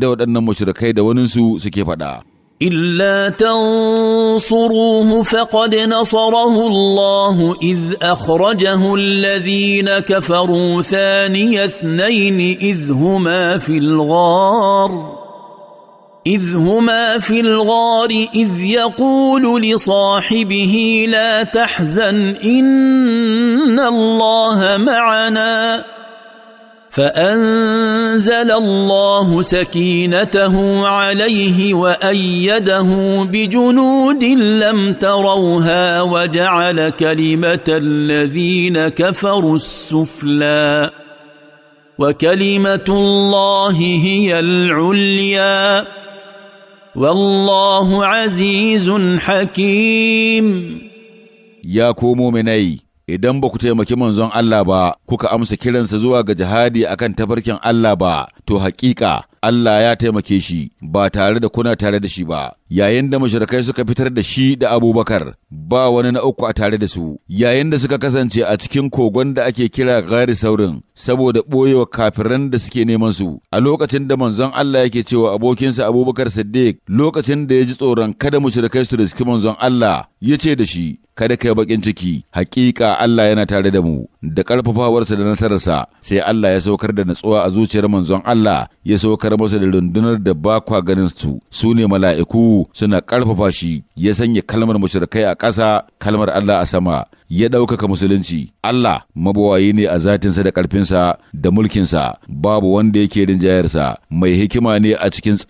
da waɗannan mashirikai da waninsu suke faɗa. إلا تنصروه فقد نصره الله إذ أخرجه الذين كفروا ثاني اثنين إذ هما في الغار إذ هما في الغار إذ يقول لصاحبه لا تحزن إن الله معنا فانزل الله سكينته عليه وايده بجنود لم تروها وجعل كلمه الذين كفروا السفلى وكلمه الله هي العليا والله عزيز حكيم يا كومو مني idan ba ku taimaki manzon Allah ba, kuka amsa kiransa zuwa ga jihadi akan tafarkin Allah ba, to haƙiƙa Allah ya taimake shi ba tare da kuna tare da shi ba, yayin da mashirkai suka fitar da shi da abubakar ba wani na uku a tare da su, yayin da suka kasance a cikin kogon da ake kira gari saurin saboda ɓoyewa kafiran da suke neman su, a lokacin da manzon Allah yake cewa abokinsa abubakar Siddiq lokacin da ya ji tsoron kada mashirkai su da suke manzon Allah ya ce da shi, kada kai bakin ciki, hakika Allah yana tare da mu. da ƙarfafawarsa da nasararsa sai Allah ya saukar da natsuwa a zuciyar manzon Allah ya saukar masa da rundunar da ba kwa ganin su su ne mala'iku suna ƙarfafa shi ya sanya kalmar mushrikai a ƙasa kalmar Allah a sama ya ɗaukaka musulunci Allah mabawayi ne a zatinsa da ƙarfinsa da mulkinsa babu wanda yake rinjayarsa mai hikima ne a cikin